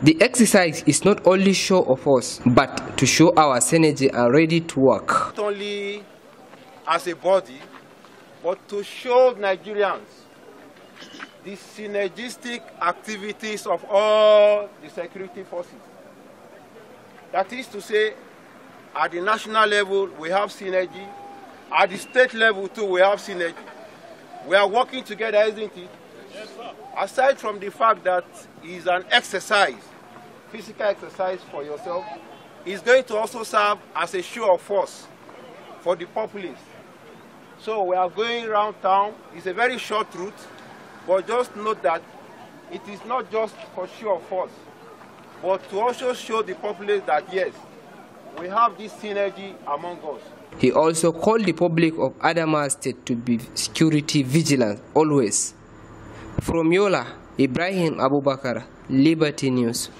The exercise is not only show of us, but to show our synergy and ready to work. Not only as a body, but to show Nigerians the synergistic activities of all the security forces. That is to say, at the national level, we have synergy. At the state level, too, we have synergy. We are working together, isn't it? Aside from the fact that it's an exercise, physical exercise for yourself, it's going to also serve as a show of force for the populace. So we are going around town. It's a very short route, but just note that it is not just for show of force, but to also show the populace that yes, we have this synergy among us. He also called the public of Adama State to be security vigilant always. From Yola, Ibrahim Abubakar, Liberty News.